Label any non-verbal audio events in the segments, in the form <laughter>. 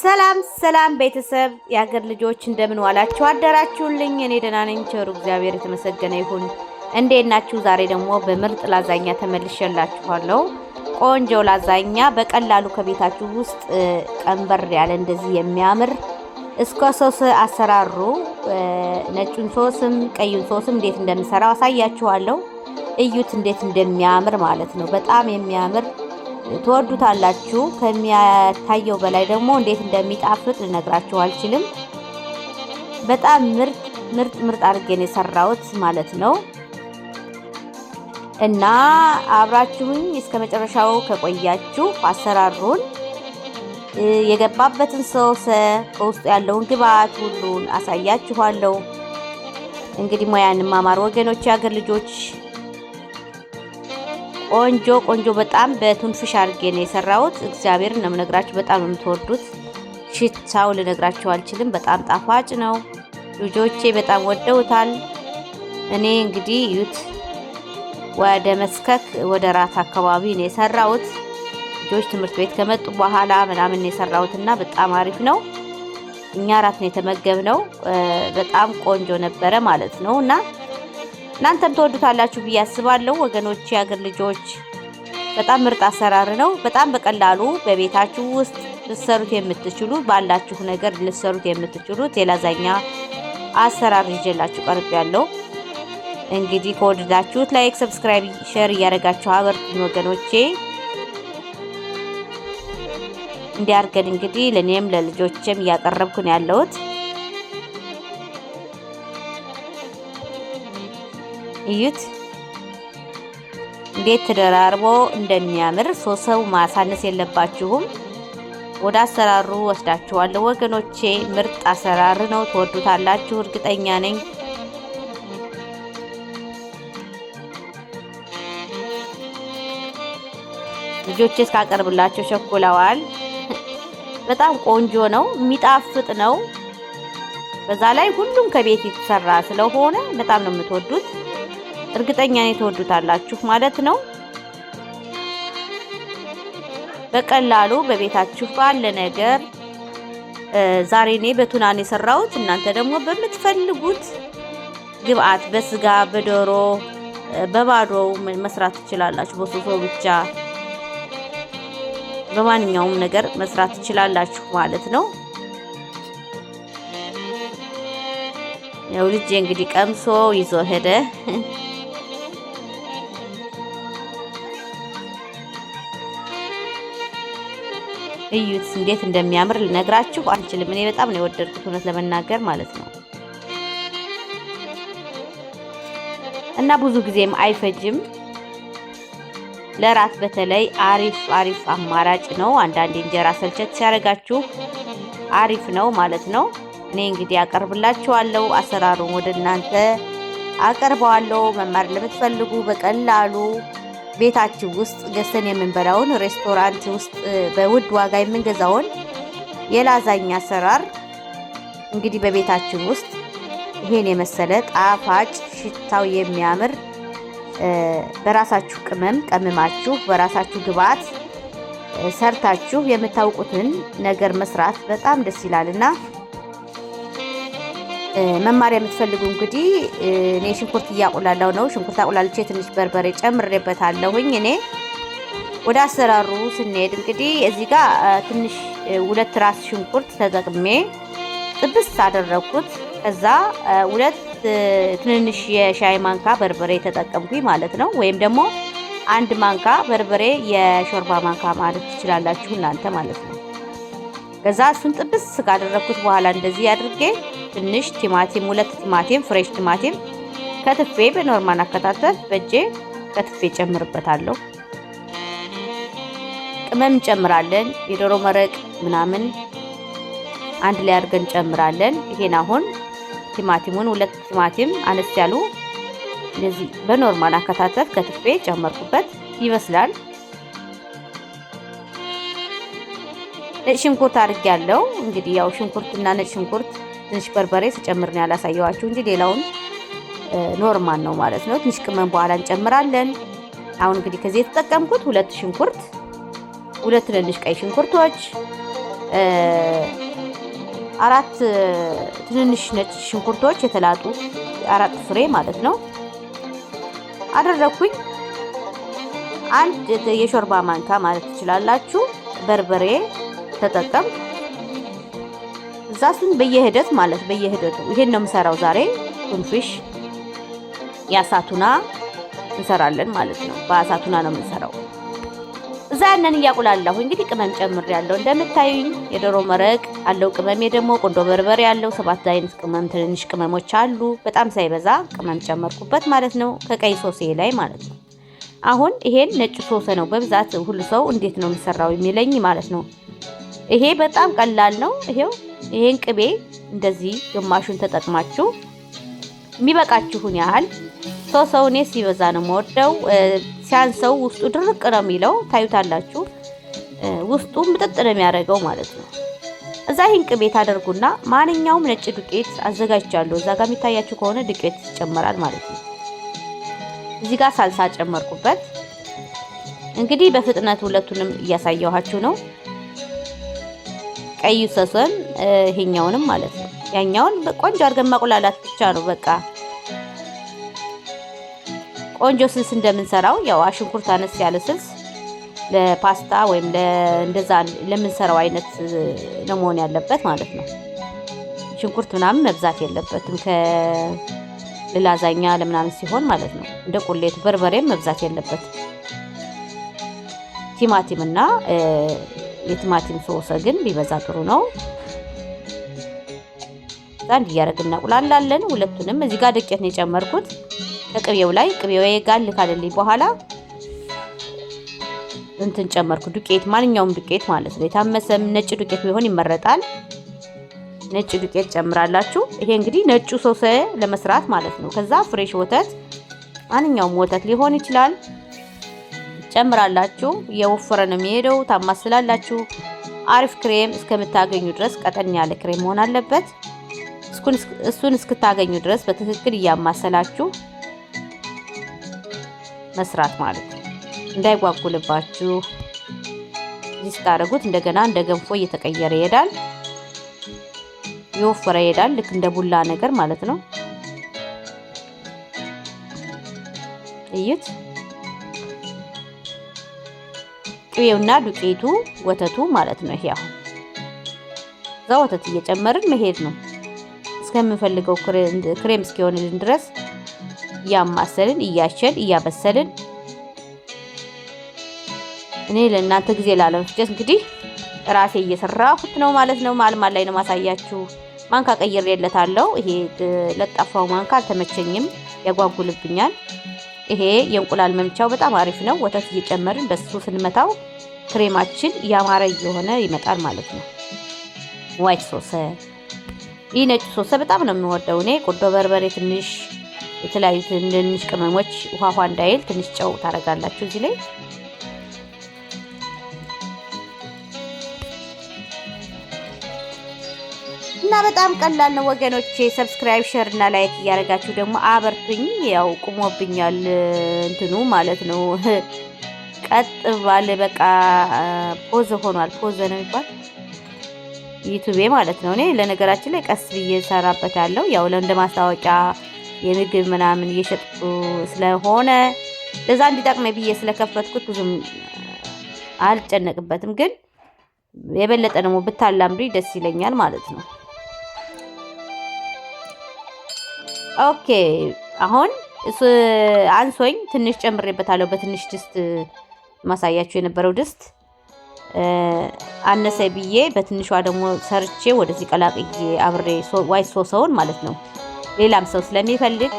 ሰላም ሰላም ቤተሰብ የሀገር ልጆች እንደምን ዋላችሁ አደራችሁልኝ? እኔ ደህና ነኝ። ቸሩ እግዚአብሔር የተመሰገነ ይሁን። እንዴት ናችሁ? ዛሬ ደግሞ በምርጥ ላዛኛ ተመልሼላችኋለሁ። ቆንጆ ላዛኛ በቀላሉ ከቤታችሁ ውስጥ ቀንበር ያለ እንደዚህ የሚያምር እስከ ሶስ አሰራሩ ነጩን ሶስም ቀዩን ሶስም እንዴት እንደምሰራው አሳያችኋለሁ። እዩት እንዴት እንደሚያምር ማለት ነው። በጣም የሚያምር ትወዱታላችሁ። ከሚታየው በላይ ደግሞ እንዴት እንደሚጣፍጥ ልነግራችሁ አልችልም። በጣም ምርጥ ምርጥ ምርጥ አድርጌን የሰራሁት ማለት ነው። እና አብራችሁኝ እስከ መጨረሻው ከቆያችሁ አሰራሩን የገባበትን ሶስ በውስጡ ያለውን ግብአት ሁሉን አሳያችኋለሁ። እንግዲህ ሙያን ማማር ወገኖች፣ የአገር ልጆች ቆንጆ ቆንጆ በጣም በቱንፍሽ አድርጌ ነው የሰራሁት። እግዚአብሔር ነው የምነግራችሁ፣ በጣም የምትወዱት ሽታው ልነግራችሁ አልችልም። በጣም ጣፋጭ ነው። ልጆቼ በጣም ወደውታል። እኔ እንግዲህ ዩት ወደ መስከክ ወደ ራት አካባቢ ነው የሰራሁት። ልጆች ትምህርት ቤት ከመጡ በኋላ ምናምን የሰራሁት እና በጣም አሪፍ ነው። እኛ ራት ነው የተመገብነው። በጣም ቆንጆ ነበረ ማለት ነው እና እናንተም ትወዱታላችሁ ብዬ አስባለሁ ወገኖች። የአገር ልጆች በጣም ምርጥ አሰራር ነው። በጣም በቀላሉ በቤታችሁ ውስጥ ልሰሩት የምትችሉ ባላችሁ ነገር ልሰሩት የምትችሉት የላዛኛ አሰራር ይዤላችሁ ቀርብ ያለው እንግዲህ ከወደዳችሁት ላይክ፣ ሰብስክራይብ፣ ሼር እያደረጋችሁ አበርቱኝ ወገኖቼ። እንዲያርገን እንግዲህ ለእኔም ለልጆችም እያቀረብኩን ያለሁት እዩት እንዴት ተደራርቦ እንደሚያምር ሶሰው ማሳነስ የለባችሁም። ወደ አሰራሩ ወስዳችኋለሁ ወገኖቼ፣ ምርጥ አሰራር ነው። ትወዱታላችሁ እርግጠኛ ነኝ። ልጆቼ እስካቀርብላቸው ቸኩለዋል። በጣም ቆንጆ ነው፣ የሚጣፍጥ ነው። በዛ ላይ ሁሉም ከቤት የተሰራ ስለሆነ በጣም ነው የምትወዱት። እርግጠኛ ነኝ ትወዱታላችሁ ማለት ነው። በቀላሉ በቤታችሁ ባለ ነገር ዛሬ እኔ በቱናን የሰራሁት እናንተ ደግሞ በምትፈልጉት ግብአት በስጋ በዶሮ በባዶ መስራት ትችላላችሁ። በሶሶ ብቻ በማንኛውም ነገር መስራት ትችላላችሁ ማለት ነው። ያው ልጄ እንግዲህ ቀምሶ ይዞ ሄደ። እዩት እንዴት እንደሚያምር ልነግራችሁ አንችልም። እኔ በጣም ነው የወደድኩት እውነት ለመናገር ማለት ነው። እና ብዙ ጊዜም አይፈጅም። ለራት በተለይ አሪፍ አሪፍ አማራጭ ነው። አንዳንዴ እንጀራ ሰልቸት ሲያደርጋችሁ አሪፍ ነው ማለት ነው። እኔ እንግዲህ አቀርብላችኋለሁ፣ አሰራሩን ወደ እናንተ አቀርበዋለሁ። መማር ለምትፈልጉ በቀላሉ ቤታችን ውስጥ ገዝተን የምንበላውን ሬስቶራንት ውስጥ በውድ ዋጋ የምንገዛውን የላዛኛ አሰራር እንግዲህ በቤታችን ውስጥ ይሄን የመሰለ ጣፋጭ ሽታው የሚያምር በራሳችሁ ቅመም ቀምማችሁ በራሳችሁ ግብዓት ሰርታችሁ የምታውቁትን ነገር መስራት በጣም ደስ ይላልና መማር የምትፈልጉ እንግዲህ እኔ ሽንኩርት እያቆላላው ነው። ሽንኩርት አቁላልቼ ትንሽ በርበሬ ጨምሬበታለሁኝ። እኔ ወደ አሰራሩ ስንሄድ እንግዲህ እዚህ ጋር ትንሽ ሁለት ራስ ሽንኩርት ተጠቅሜ ጥብስ አደረግኩት። ከዛ ሁለት ትንንሽ የሻይ ማንካ በርበሬ ተጠቀምኩኝ ማለት ነው። ወይም ደግሞ አንድ ማንካ በርበሬ የሾርባ ማንካ ማለት ትችላላችሁ እናንተ ማለት ነው። ከዛ እሱን ጥብስ ካደረግኩት በኋላ እንደዚህ አድርጌ ትንሽ ቲማቲም፣ ሁለት ቲማቲም ፍሬሽ ቲማቲም ከትፌ በኖርማል አከታተፍ በእጄ ከትፌ ጨምርበታለሁ። ቅመም እንጨምራለን። የዶሮ መረቅ ምናምን አንድ ላይ አድርገን እንጨምራለን። ይሄን አሁን ቲማቲሙን ሁለት ቲማቲም አነስ ያሉ እንደዚህ በኖርማል አከታተፍ ከትፌ ጨመርኩበት። ይበስላል። ነጭ ሽንኩርት አድርጌ ያለው እንግዲህ ያው ሽንኩርትና ነጭ ሽንኩርት ትንሽ በርበሬ ስጨምር ነው ያላሳየዋችሁ እንጂ ሌላውን ኖርማል ነው ማለት ነው። ትንሽ ቅመም በኋላ እንጨምራለን። አሁን እንግዲህ ከዚህ የተጠቀምኩት ሁለት ሽንኩርት፣ ሁለት ትንንሽ ቀይ ሽንኩርቶች፣ አራት ትንንሽ ነጭ ሽንኩርቶች የተላጡ አራት ፍሬ ማለት ነው አደረኩኝ። አንድ የሾርባ ማንካ ማለት ትችላላችሁ በርበሬ ተጠቀም እዛ እሱን በየሂደት ማለት በየሂደቱ ይሄን ነው የምሰራው ዛሬ ኩንፊሽ የአሳቱና እንሰራለን ማለት ነው። በአሳቱና ነው የምንሰራው። እዛ ያንን እያቁላለሁ እንግዲህ ቅመም ጨምር ያለው እንደምታዩኝ የዶሮ መረቅ አለው። ቅመሜ ደግሞ ቆንዶ በርበሬ ያለው ሰባት አይነት ቅመም ትንንሽ ቅመሞች አሉ። በጣም ሳይበዛ ቅመም ጨመርኩበት ማለት ነው። ከቀይ ሶሴ ላይ ማለት ነው። አሁን ይሄን ነጭ ሶስ ነው በብዛት ሁሉ ሰው እንዴት ነው የሚሰራው የሚለኝ ማለት ነው። ይሄ በጣም ቀላል ነው። ይሄው ይህን ቅቤ እንደዚህ ግማሹን ተጠቅማችሁ የሚበቃችሁን ያህል ሰው ሰው እኔ ሲበዛ ነው የምወደው። ሲያንሰው ውስጡ ድርቅ ነው የሚለው ታዩታላችሁ። ውስጡ ምጥጥ ነው የሚያደርገው ማለት ነው። እዛ ይህን ቅቤ ታደርጉና ማንኛውም ነጭ ዱቄት አዘጋጅቻለሁ። እዛ ጋር የሚታያችሁ ከሆነ ዱቄት ይጨመራል ማለት ነው። እዚህ ጋር ሳልሳ ጨመርኩበት። እንግዲህ በፍጥነት ሁለቱንም እያሳየኋችሁ ነው። ቀይ ሰሰን ይሄኛውንም ማለት ነው። ያኛውን ቆንጆ አድርገን ማቁላላት ብቻ ነው በቃ። ቆንጆ ስልስ እንደምንሰራው ያው አሽንኩርት አነስ ያለ ስልስ ለፓስታ ወይም እንደዛ ለምንሰራው አይነት ነው መሆን ያለበት ማለት ነው። ሽንኩርት ምናምን መብዛት የለበትም ከላዛኛ ለምናምን ሲሆን ማለት ነው። እንደ ቁሌቱ በርበሬም መብዛት የለበትም። ቲማቲም እና የቲማቲም ሶስ ግን ቢበዛ ጥሩ ነው። አንድ እያደረግን እናቁላላለን። ሁለቱንም እዚህ ጋር ዱቄት ነው የጨመርኩት ከቅቤው ላይ ቅቤው ጋል ካለልኝ በኋላ እንትን ጨመርኩ። ዱቄት ማንኛውም ዱቄት ማለት ነው። የታመሰም ነጭ ዱቄት ቢሆን ይመረጣል። ነጭ ዱቄት ጨምራላችሁ። ይሄ እንግዲህ ነጩ ሶስ ለመስራት ማለት ነው። ከዛ ፍሬሽ ወተት ማንኛውም ወተት ሊሆን ይችላል። ጨምራላችሁ እየወፈረ ነው የሚሄደው። ታማስላላችሁ። አሪፍ ክሬም እስከምታገኙ ድረስ ቀጠን ያለ ክሬም መሆን አለበት። እሱን እስክታገኙ ድረስ በትክክል እያማሰላችሁ መስራት ማለት ነው። እንዳይጓጉልባችሁ ስታደርጉት እንደገና እንደ ገንፎ እየተቀየረ ይሄዳል፣ የወፈረ ይሄዳል። ልክ እንደ ቡላ ነገር ማለት ነው። እይት ቅቤውና ዱቄቱ ወተቱ ማለት ነው። ይሄ አሁን እዛ ወተት እየጨመርን መሄድ ነው እስከምንፈልገው ክሬም እስኪሆንልን ድረስ እያማሰልን እያሸን እያበሰልን እኔ ለእናንተ ጊዜ ላለመፍጀት እንግዲህ ራሴ እየሰራሁት ነው ማለት ነው። ማልማል ላይ ነው ማሳያችሁ። ማንካ ቀይሬለታለሁ። ይሄ ለጣፋው ማንካ አልተመቸኝም፣ ያጓጉልብኛል። ይሄ የእንቁላል መምቻው በጣም አሪፍ ነው። ወተት እየጨመርን በሱ ስንመታው ክሬማችን ያማረ እየሆነ ይመጣል ማለት ነው። ዋይት ሶሰ፣ ይህ ነጭ ሶሰ በጣም ነው የምወደው እኔ። ቆዶ በርበሬ ትንሽ፣ የተለያዩ ትንንሽ ቅመሞች ውሃ ውሃ እንዳይል ትንሽ ጨው ታደርጋላችሁ እዚህ ላይ እና በጣም ቀላል ነው ወገኖቼ። ሰብስክራይብ፣ ሸር እና ላይክ እያደረጋችሁ ደግሞ አበርቱኝ። ያው ቁሞብኛል እንትኑ ማለት ነው። <laughs> ቀጥ ባለ በቃ ፖዘ ሆኗል። ፖዘ ነው የሚባል ዩቱቤ ማለት ነው። እኔ ለነገራችን ላይ ቀስ ብዬ ሰራበታለሁ። ያው ለእንደ ማስታወቂያ የምግብ ምናምን እየሸጥኩ ስለሆነ ለዛ እንዲጠቅመ ብዬ ስለከፈትኩት ብዙም አልጨነቅበትም ግን የበለጠ ደግሞ ብታላምዱ ደስ ይለኛል ማለት ነው። ኦኬ አሁን አንሶኝ ትንሽ ጨምሬበታለሁ። በትንሽ ድስት ማሳያችሁ የነበረው ድስት አነሰ ብዬ በትንሿ ደግሞ ሰርቼ ወደዚህ ቀላቅዬ አብሬ ዋይት ሶሰውን ማለት ነው። ሌላም ሰው ስለሚፈልግ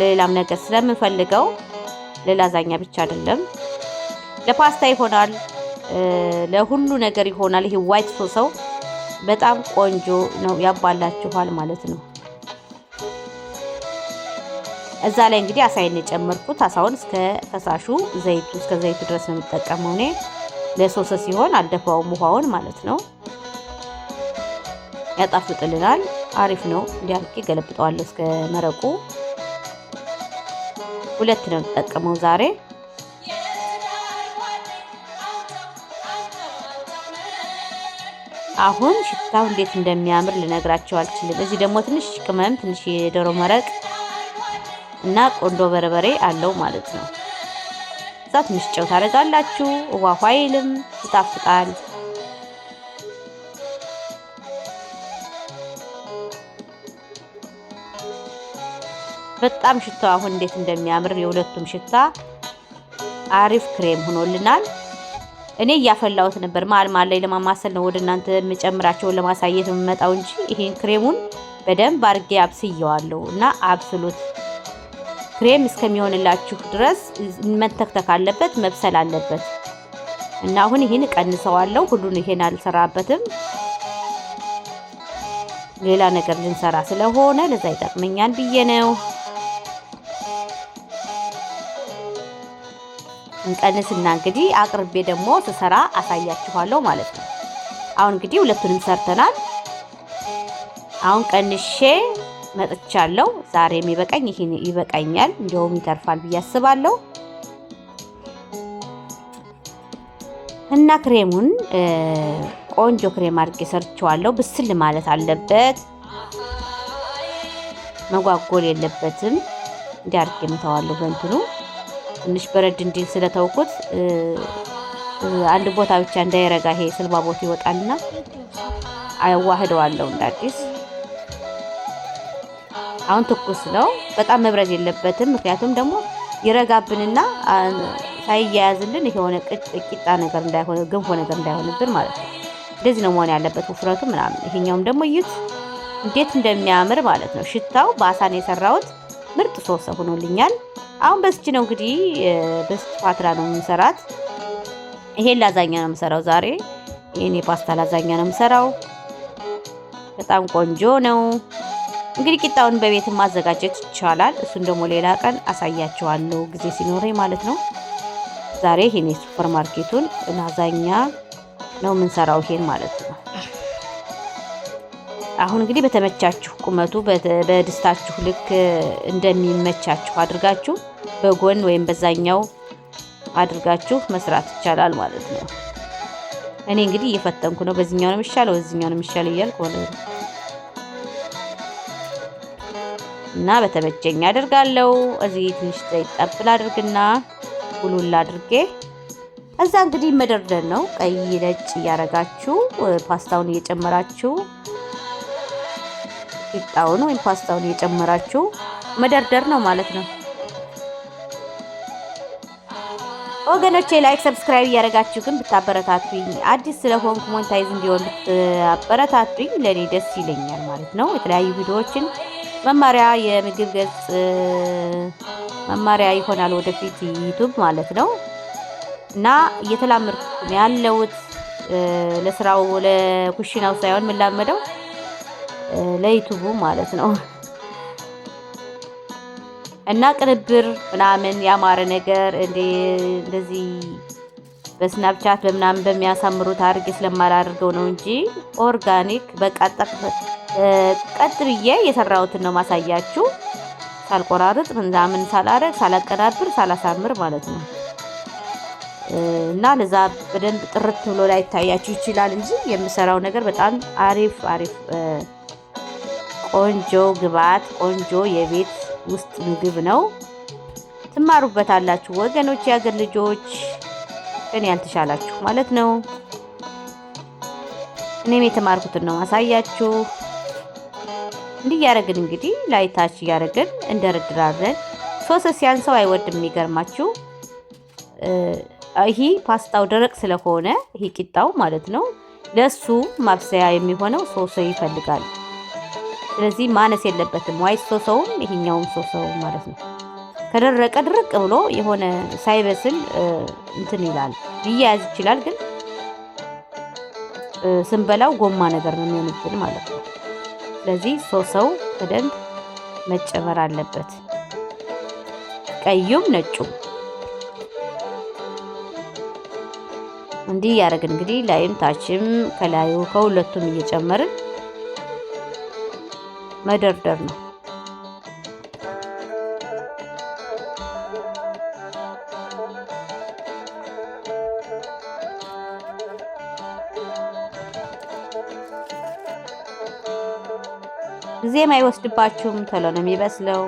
ለሌላም ነገር ስለምፈልገው ለላዛኛ ብቻ አይደለም፣ ለፓስታ ይሆናል፣ ለሁሉ ነገር ይሆናል። ይሄ ዋይት ሶሰው በጣም ቆንጆ ነው፣ ያባላችኋል ማለት ነው። እዛ ላይ እንግዲህ አሳይን የጨመርኩት አሳውን እስከ ፈሳሹ ዘይቱ እስከ ዘይቱ ድረስ ነው የምጠቀመው እኔ ለሶሰ ሲሆን አልደፋውም ውሃውን ማለት ነው። ያጣፍጥልናል። አሪፍ ነው። እንዲያርቄ ገለብጠዋለሁ እስከ መረቁ። ሁለት ነው የምጠቀመው ዛሬ አሁን ሽታው እንዴት እንደሚያምር ልነግራቸው አልችልም። እዚህ ደግሞ ትንሽ ቅመም፣ ትንሽ የዶሮ መረቅ እና ቆንዶ በርበሬ አለው ማለት ነው። እዛ ትንሽ ጨው ታደርጋላችሁ። ውሃ ይልም ይጣፍጣል። በጣም ሽቶ አሁን እንዴት እንደሚያምር የሁለቱም ሽታ አሪፍ ክሬም ሆኖልናል። እኔ እያፈላሁት ነበር። መሀል መሀል ላይ ለማማሰል ነው ወደ እናንተ የምጨምራቸውን ለማሳየት የምመጣው እንጂ ይሄን ክሬሙን በደንብ አድርጌ አብስየዋለሁ እና አብስሉት። ክሬም እስከሚሆንላችሁ ድረስ መንተክተክ አለበት፣ መብሰል አለበት እና አሁን ይህን ቀንሰዋለሁ። ሁሉን ይሄን አልሰራበትም። ሌላ ነገር ልንሰራ ስለሆነ ለዛ ይጠቅመኛል ብዬ ነው። እንቀንስና እንግዲህ አቅርቤ ደግሞ ስሰራ አሳያችኋለሁ ማለት ነው። አሁን እንግዲህ ሁለቱንም ሰርተናል። አሁን ቀንሼ መጥቻለሁ። ዛሬ የሚበቃኝ ይሄን ይበቃኛል፣ እንዲያውም ይተርፋል ብዬ አስባለሁ። እና ክሬሙን ቆንጆ ክሬም አድርጌ ሰርቼዋለሁ። ብስል ማለት አለበት፣ መጓጎል የለበትም። እንዲያርግ አድርጌ የምተዋለሁ በእንትኑ ትንሽ በረድ እንዲል ስለተውኩት አንድ ቦታ ብቻ እንዳይረጋ ይሄ ስልባ ቦታ ይወጣልና አያዋህደዋለሁ እንደ አዲስ አሁን ትኩስ ነው። በጣም መብረዝ የለበትም። ምክንያቱም ደግሞ ይረጋብንና ሳይያያዝልን የሆነ ቂጣ ነገር እንዳይሆነ ግንፎ ነገር እንዳይሆንብን ማለት ነው። እንደዚህ ነው መሆን ያለበት ውፍረቱ ምናምን። ይሄኛውም ደግሞ እዩት እንዴት እንደሚያምር ማለት ነው። ሽታው በአሳን የሰራሁት ምርጥ ሶስ ሆኖልኛል። አሁን በስቺ ነው እንግዲህ በስቺ ፓትራ ነው የምሰራት። ይሄን ላዛኛ ነው የምሰራው ዛሬ። ይህን የፓስታ ላዛኛ ነው የምሰራው። በጣም ቆንጆ ነው። እንግዲህ ቂጣውን በቤት ማዘጋጀት ይቻላል። እሱን ደግሞ ሌላ ቀን አሳያችኋለሁ ጊዜ ሲኖረኝ ማለት ነው። ዛሬ ይሄን የሱፐር ማርኬቱን ላዛኛ ነው የምንሰራው ይሄን ማለት ነው። አሁን እንግዲህ በተመቻችሁ ቁመቱ በድስታችሁ ልክ እንደሚመቻችሁ አድርጋችሁ በጎን ወይም በዛኛው አድርጋችሁ መስራት ይቻላል ማለት ነው። እኔ እንግዲህ እየፈተንኩ ነው። በዚህኛው ነው የሚሻለው፣ በዚህኛው ነው የሚሻለው እያልኩ እና በተመቸኝ አድርጋለሁ። እዚህ ትንሽ ጠብል አድርግና ጉሉል አድርጌ እዛ እንግዲህ መደርደር ነው። ቀይ ነጭ እያረጋችሁ ፓስታውን እየጨመራችሁ ቂጣውን ወይም ፓስታውን እየጨመራችሁ መደርደር ነው ማለት ነው። ወገኖቼ ላይክ ሰብስክራይብ እያደረጋችሁ ግን ብታበረታቱኝ አዲስ ስለሆንኩ ሞኔታይዝ እንዲሆን ብታበረታቱኝ ለእኔ ደስ ይለኛል ማለት ነው። የተለያዩ ቪዲዮዎችን መማሪያ የምግብ ገጽ መማሪያ ይሆናል ወደፊት ዩቱብ ማለት ነው። እና እየተላመድኩ ያለሁት ለስራው ለኩሽናው ሳይሆን የምላመደው ለዩቱቡ ማለት ነው። እና ቅንብር ምናምን ያማረ ነገር እንደዚህ በስናፕቻት በምናምን በሚያሳምሩት አድርጌ ስለማላደርገው ነው እንጂ ኦርጋኒክ በቃ ቀጥ ብዬ የሰራሁትን ነው ማሳያችሁ። ሳልቆራርጥ ምናምን ሳላረግ ሳላቀናብር ሳላሳምር ማለት ነው። እና ለዛ በደንብ ጥርት ብሎ ላይ ይታያችሁ ይችላል እንጂ የምሰራው ነገር በጣም አሪፍ አሪፍ ቆንጆ ግብአት ቆንጆ የቤት ውስጥ ምግብ ነው። ትማሩበታላችሁ ወገኖች፣ የአገር ልጆች ግን ያልተሻላችሁ ማለት ነው። እኔም የተማርኩትን ነው ማሳያችሁ። እንዲህ እያደረግን እንግዲህ ላይታች እያደረግን እንደረድራለን። ሶስ ሲያንሰው አይወድም የሚገርማችሁ ይህ ፓስታው ደረቅ ስለሆነ ይህ ቂጣው ማለት ነው። ለሱ ማብሰያ የሚሆነው ሶሶ ይፈልጋል። ስለዚህ ማነስ የለበትም። ዋይ ሶሶውም ይሄኛውም ሶሶው ማለት ነው። ከደረቀ ድርቅ ብሎ የሆነ ሳይበስል እንትን ይላል፣ ሊያያዝ ይችላል። ግን ስንበላው ጎማ ነገር ነው የሚሆንብን ማለት ነው። ለዚህ ሶሰው በደንብ መጨመር አለበት። ቀዩም ነጩ እንዲህ እያደረግን እንግዲህ ላይም ታችም ከላዩ ከሁለቱም እየጨመርን መደርደር ነው። ጊዜም አይወስድባችሁም። ቶሎ ነው የሚበስለው።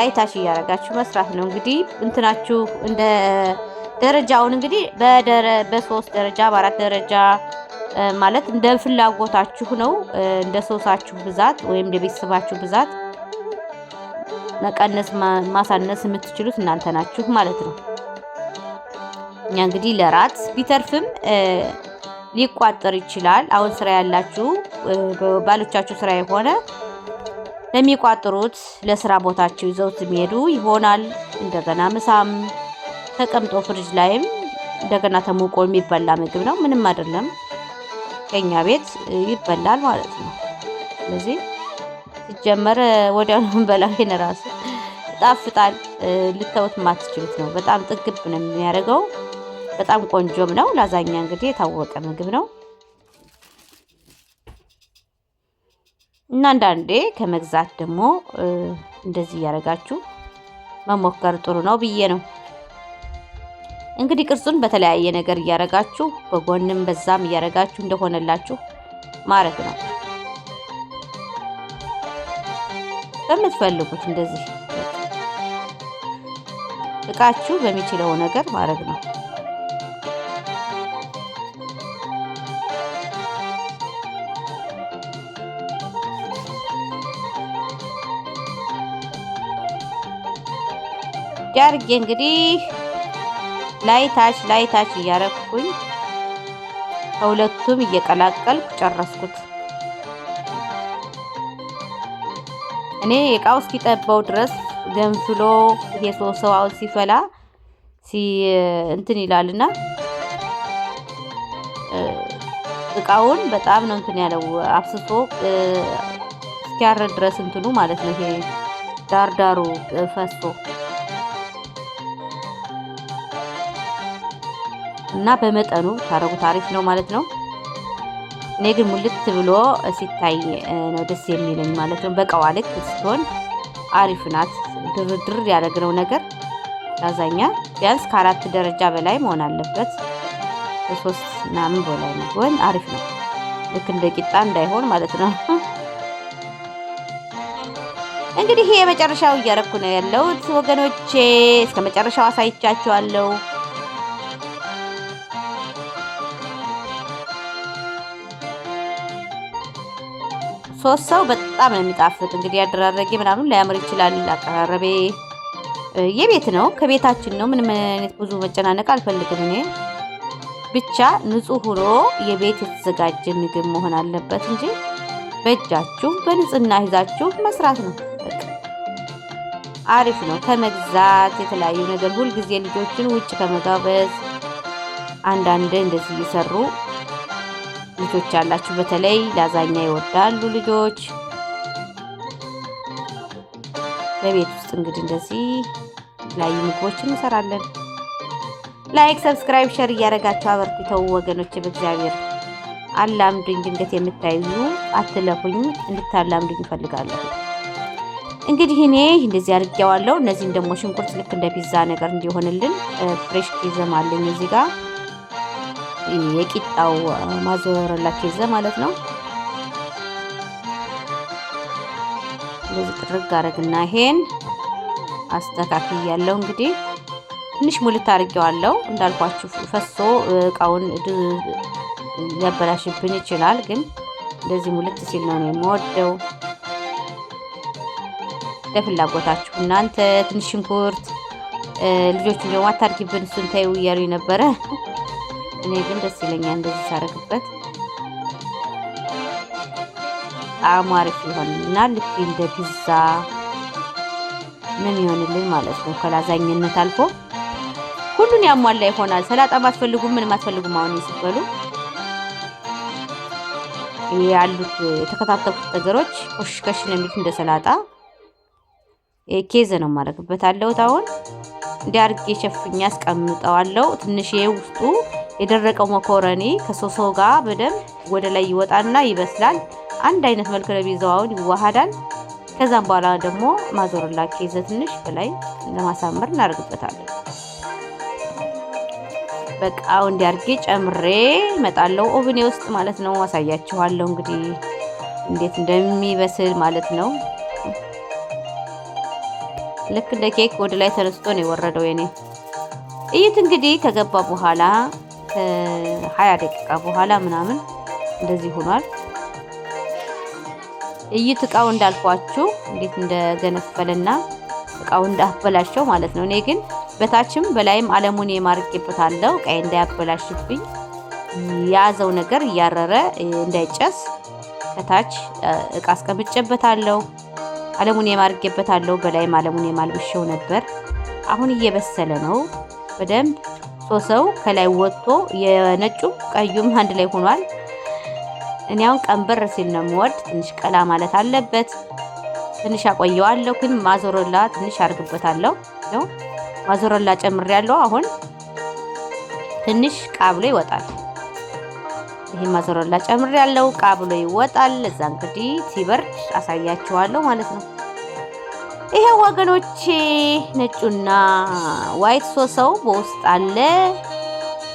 ላይ ታች እያደረጋችሁ መስራት ነው። እንግዲህ እንትናችሁ እንደ ደረጃውን እንግዲህ በደረ በሶስት ደረጃ በአራት ደረጃ ማለት እንደ ፍላጎታችሁ ነው። እንደ ሶሳችሁ ብዛት ወይም እንደ ቤተሰባችሁ ብዛት መቀነስ ማሳነስ የምትችሉት እናንተ ናችሁ ማለት ነው። እኛ እንግዲህ ለራት ቢተርፍም ሊቋጠር ይችላል። አሁን ስራ ያላችሁ ባሎቻችሁ ስራ የሆነ ለሚቋጥሩት ለስራ ቦታቸው ይዘውት የሚሄዱ ይሆናል። እንደገና ምሳም ተቀምጦ ፍሪጅ ላይም እንደገና ተሞቆ የሚበላ ምግብ ነው። ምንም አይደለም፣ ከኛ ቤት ይበላል ማለት ነው። ስለዚህ ሲጀመር ወዲያው ነው ይሄን ራሱ ጣፍጣል፣ ልተውት የማትችሉት ነው። በጣም ጥግብ ነው የሚያደርገው። በጣም ቆንጆም ነው። ላዛኛ እንግዲህ የታወቀ ምግብ ነው። እና አንዳንዴ ከመግዛት ደግሞ እንደዚህ እያደረጋችሁ መሞከር ጥሩ ነው ብዬ ነው። እንግዲህ ቅርጹን በተለያየ ነገር እያደረጋችሁ በጎንም በዛም እያደረጋችሁ እንደሆነላችሁ ማረግ ነው። በምትፈልጉት እንደዚህ እቃችሁ በሚችለው ነገር ማድረግ ነው። አድርጌ እንግዲህ ላይ ታች ላይ ታች እያረኩኝ ከሁለቱም እየቀላቀልኩ ጨረስኩት። እኔ እቃው እስኪጠባው ድረስ ገንፍሎ የሶሰው ሰው ሲፈላ እንትን ይላልና እቃውን በጣም ነው እንትን ያለው አፍስሶ እስኪያረድ ድረስ እንትኑ ማለት ነው። ይሄ ዳርዳሩ ፈሶ እና በመጠኑ ታረጉት አሪፍ ነው ማለት ነው። እኔ ግን ሙልት ብሎ ሲታይ ነው ደስ የሚለኝ ማለት ነው። በቃዋ ልክ ስትሆን አሪፍ ናት። ድርድር ያደረግነው ነገር ያዛኛል። ቢያንስ ከአራት ደረጃ በላይ መሆን አለበት። በሶስት ምናምን በላይ ቢሆን አሪፍ ነው። ልክ እንደ ቂጣ እንዳይሆን ማለት ነው። እንግዲህ የመጨረሻው እያረኩ ነው ያለሁት ወገኖቼ። እስከ መጨረሻው አሳይቻችኋለሁ። ሶስት ሰው በጣም ነው የሚጣፍጥ። እንግዲህ ያደራረጌ ምናምን ሊያምር ይችላል። አቀራረቤ የቤት ነው፣ ከቤታችን ነው። ምንም አይነት ብዙ መጨናነቅ አልፈልግም እኔ። ብቻ ንጹህ ሆኖ የቤት የተዘጋጀ ምግብ መሆን አለበት እንጂ በእጃችሁ በንጽህና ይዛችሁ መስራት ነው። አሪፍ ነው ከመግዛት የተለያዩ ነገር። ሁልጊዜ ልጆችን ውጭ ከመጋበዝ አንዳንድ እንደዚህ እየሰሩ ልጆች አላችሁ፣ በተለይ ላዛኛ ይወዳሉ ልጆች። በቤት ውስጥ እንግዲህ እንደዚህ የተለያዩ ምግቦችን እንሰራለን። ላይክ፣ ሰብስክራይብ፣ ሸር እያደረጋችሁ አበርትተው ወገኖች በእግዚአብሔር አላምዱኝ። ድንገት የምታዩ አትለፉኝ፣ እንድታላምዱኝ ይፈልጋለሁ። እንግዲህ እኔ እንደዚህ አድርጌዋለሁ። እነዚህን ደግሞ ሽንኩርት ልክ እንደ ፒዛ ነገር እንዲሆንልን ፍሬሽ ኪዘም አለኝ እዚህ ጋር የቂጣው ማዘወረላ ኬዘ ማለት ነው። ለዚህ ጥርግ አረግና ይሄን ያለው እንግዲህ ትንሽ ሙልት አድርጌዋለሁ እንዳልኳችሁ ፈሶ እቃውን ሊያበላሽብን ይችላል። ግን እንደዚህ ሙልት ሲል ነው የምወደው። ለፍላጎታችሁ እናንተ ትንሽ ሽንኩርት ልጆቹ ደግሞ አታድርጊብን እሱን ተይው እያሉ ነበረ። እኔ ግን ደስ ይለኛል እንደዚህ ሳረግበት ጣዕሙ አሪፍ እና ልክ እንደ ፒዛ ምን ይሆንልን ማለት ነው። ከላዛኝነት አልፎ ሁሉን ያሟላ ይሆናል። ሰላጣ ማትፈልጉ ምን አትፈልጉም። አሁን ስትበሉ ያሉት የተከታተፉት ነገሮች ኮሽከሽ ነው የሚሉት እንደ ሰላጣ ኬዝ ነው ማድረግበት አለሁት። አሁን እንዲህ አድርጌ ሸፍኛ ትንሽ ውስጡ የደረቀው መኮረኒ ከሶሶ ጋር በደንብ ወደ ላይ ይወጣና ይበስላል። አንድ አይነት መልክ ለቢዛውን ይዋሃዳል። ከዛም በኋላ ደግሞ ማዞርላ ኬዘ ትንሽ በላይ ለማሳመር እናደርግበታለን። በቃ እንዲ ጨምሬ መጣለው ኦቭኔ ውስጥ ማለት ነው። አሳያችኋለሁ እንግዲህ እንዴት እንደሚበስል ማለት ነው። ልክ እንደ ኬክ ወደ ላይ ተነስቶ ነው የወረደው የኔ እይት። እንግዲህ ከገባ በኋላ ከሀያ ደቂቃ በኋላ ምናምን እንደዚህ ሆኗል። እይት እቃው እንዳልኳችሁ እንዴት እንደገነፈለና እቃው እንዳበላሸው ማለት ነው። እኔ ግን በታችም በላይም አለሙኒየም አድርጌበታለሁ እቃዬ እንዳያበላሽብኝ የያዘው ነገር እያረረ እንዳይጨስ ከታች እቃ አስቀምጬበታለሁ። አለሙኒየም አድርጌበታለሁ። በላይም አለሙኒየም አልብሼው ነበር። አሁን እየበሰለ ነው በደንብ ሶስት ሰው ከላይ ወጥቶ የነጩም ቀዩም አንድ ላይ ሆኗል። እኔ አሁን ቀንበር ሲል ነው የምወድ። ትንሽ ቀላ ማለት አለበት። ትንሽ አቆየዋለሁ፣ ግን ማዞረላ ትንሽ አርግበታለሁ። ነው ማዞረላ ጨምሬያለሁ። አሁን ትንሽ ቃብሎ ይወጣል። ይሄ ማዞረላ ጨምሬያለሁ፣ ቃብሎ ይወጣል። እዛ እንግዲህ ሲበርድ አሳያችኋለሁ ማለት ነው። ይሄ ወገኖቼ ነጩና ዋይት ሶሰው በውስጥ አለ።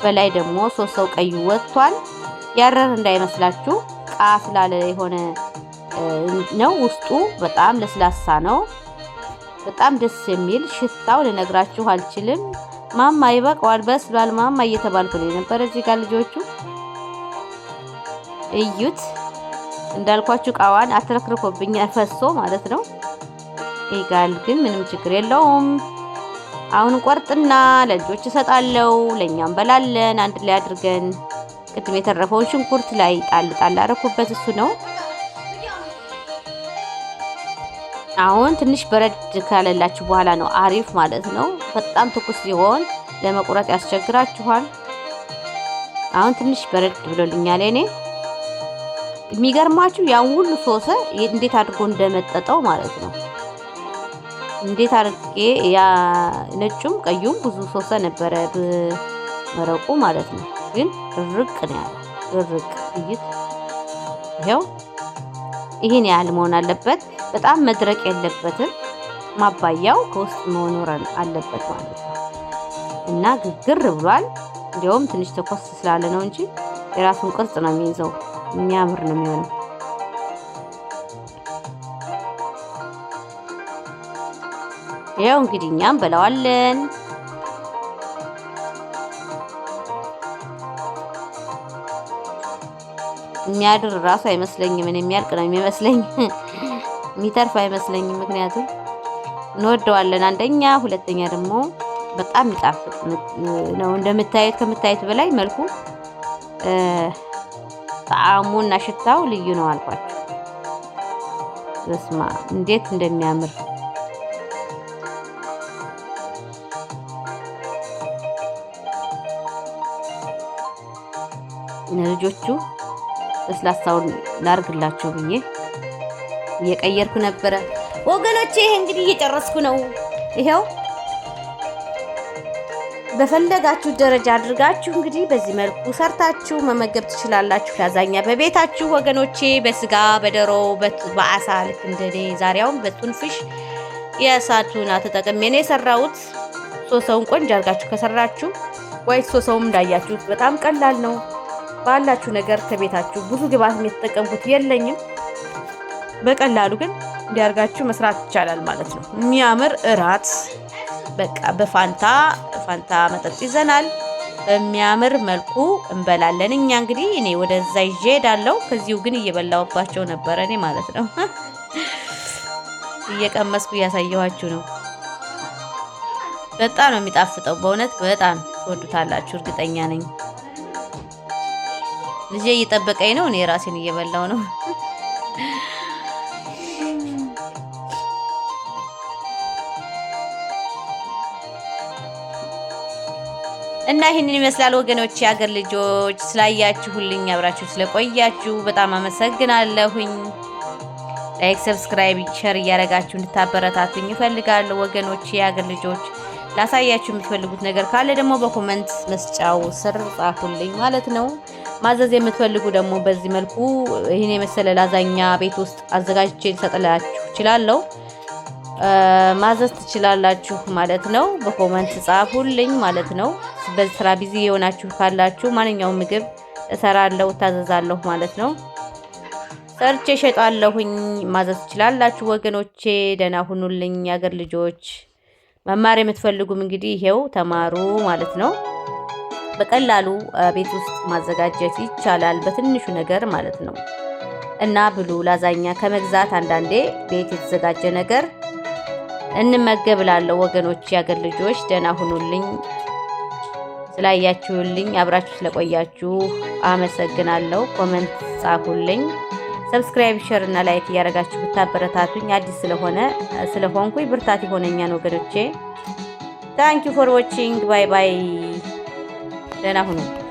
በላይ ደግሞ ሰው ቀዩ ወጥቷል። ያረር እንዳይመስላችሁ ቃፍ ላለ የሆነ ነው። ውስጡ በጣም ለስላሳ ነው። በጣም ደስ የሚል ሽታው ልነግራችሁ አልችልም። ማማ ይበቃዋል፣ በስሏል ማማ እየተባልኩ ነው የነበረ። እዚህ ጋር ልጆቹ እዩት እንዳልኳችሁ እቃዋን አትረክርኮብኛል፣ ፈሶ ማለት ነው። ይጋል ግን ምንም ችግር የለውም። አሁን ቆርጥና ለልጆች እሰጣለሁ፣ ለእኛም በላለን አንድ ላይ አድርገን። ቅድም የተረፈውን ሽንኩርት ላይ ጣል ጣል እሱ ነው። አሁን ትንሽ በረድ ካለላችሁ በኋላ ነው አሪፍ ማለት ነው። በጣም ትኩስ ሲሆን ለመቁረጥ ያስቸግራችኋል። አሁን ትንሽ በረድ ብሎልኛል። እኔ የሚገርማችሁ ያን ሁሉ ሶሰ እንዴት አድርጎ እንደመጠጠው ማለት ነው። እንዴት አድርጌ ያ ነጩም ቀዩም ብዙ ሶሰ ነበረ መረቁ ማለት ነው። ግን ድርቅ ነው ያለ ድርቅ ይት ይኸው ይህን ያህል መሆን አለበት። በጣም መድረቅ የለበትም። ማባያው ከውስጥ መኖረን አለበት ማለት ነው እና ግግር ብሏል። እንዲያውም ትንሽ ተኮስ ስላለ ነው እንጂ የራሱን ቅርጽ ነው የሚይዘው። የሚያምር ነው የሚሆነው። ያው እንግዲህ እኛም በላዋለን። የሚያድር ራሱ አይመስለኝም። እኔ የሚያልቅ ነው የሚመስለኝ፣ <laughs> የሚተርፍ አይመስለኝም። ምክንያቱም እንወደዋለን አንደኛ፣ ሁለተኛ ደግሞ በጣም ይጣፍጥ ነው። እንደምታየት ከምታየት በላይ መልኩ ጣዕሙና ሽታው ልዩ ነው አልኳቸው። በስማ እንዴት እንደሚያምር ለልጆቹ ለስላሳውን ላርግላቸው ብዬ እየቀየርኩ ነበረ ወገኖቼ። ይሄ እንግዲህ እየጨረስኩ ነው። ይሄው በፈለጋችሁ ደረጃ አድርጋችሁ እንግዲህ በዚህ መልኩ ሰርታችሁ መመገብ ትችላላችሁ። ላዛኛ በቤታችሁ ወገኖቼ፣ በስጋ በደሮ በአሳ ልክ እንደኔ ዛሬውን በቱንፍሽ የእሳቱን ተጠቅሜ ነው የሰራሁት። ሶሰውን ቆንጆ አድርጋችሁ ከሰራችሁ ወይ ሶሰውም እንዳያችሁት በጣም ቀላል ነው። ባላችሁ ነገር ከቤታችሁ ብዙ ግብአት የተጠቀምኩት የለኝም። በቀላሉ ግን እንዲያርጋችሁ መስራት ይቻላል ማለት ነው። የሚያምር እራት በቃ በፋንታ ፋንታ መጠጥ ይዘናል። በሚያምር መልኩ እንበላለን። እኛ እንግዲህ እኔ ወደዛ ይዤ ሄዳለሁ። ከዚሁ ግን እየበላውባቸው ነበረ እኔ ማለት ነው። <laughs> እየቀመስኩ እያሳየኋችሁ ነው። በጣም ነው የሚጣፍጠው በእውነት በጣም ትወዱታላችሁ እርግጠኛ ነኝ። ልጄ እየጠበቀኝ ነው። እኔ ራሴን እየበላው ነው። እና ይህንን ይመስላል ወገኖች፣ የአገር ልጆች ስላያችሁልኝ፣ አብራችሁ ስለቆያችሁ በጣም አመሰግናለሁኝ። ላይክ፣ ሰብስክራይብ፣ ሸር እያደረጋችሁ እንድታበረታቱኝ ይፈልጋለሁ ወገኖች፣ የአገር ልጆች ላሳያችሁ የምትፈልጉት ነገር ካለ ደግሞ በኮመንት መስጫው ስር ጻፉልኝ ማለት ነው። ማዘዝ የምትፈልጉ ደግሞ በዚህ መልኩ ይህን የመሰለ ላዛኛ ቤት ውስጥ አዘጋጅቼ ልሰጥላችሁ እችላለሁ። ማዘዝ ትችላላችሁ ማለት ነው። በኮመንት ጻፉልኝ ማለት ነው። በስራ ቢዚ የሆናችሁ ካላችሁ ማንኛውም ምግብ እሰራለሁ፣ እታዘዛለሁ ማለት ነው። ሰርቼ እሸጣለሁኝ። ማዘዝ ትችላላችሁ ወገኖቼ። ደህና ሁኑልኝ የአገር ልጆች። መማር የምትፈልጉም እንግዲህ ይሄው ተማሩ ማለት ነው። በቀላሉ ቤት ውስጥ ማዘጋጀት ይቻላል፣ በትንሹ ነገር ማለት ነው። እና ብሉ ላዛኛ ከመግዛት አንዳንዴ ቤት የተዘጋጀ ነገር እንመገብ ላለው ወገኖች፣ ያገር ልጆች ደህና ሁኑልኝ። ስላያችሁልኝ አብራችሁ ስለቆያችሁ አመሰግናለሁ። ኮመንት ጻፉልኝ። ሰብስክራይብ፣ ሸር እና ላይክ እያደረጋችሁ ብታበረታቱኝ አዲስ ስለሆነ ስለሆንኩኝ ብርታት የሆነኛን ወገኖቼ ታንኪ ፎር ዋቺንግ ባይ ባይ። 在那后面。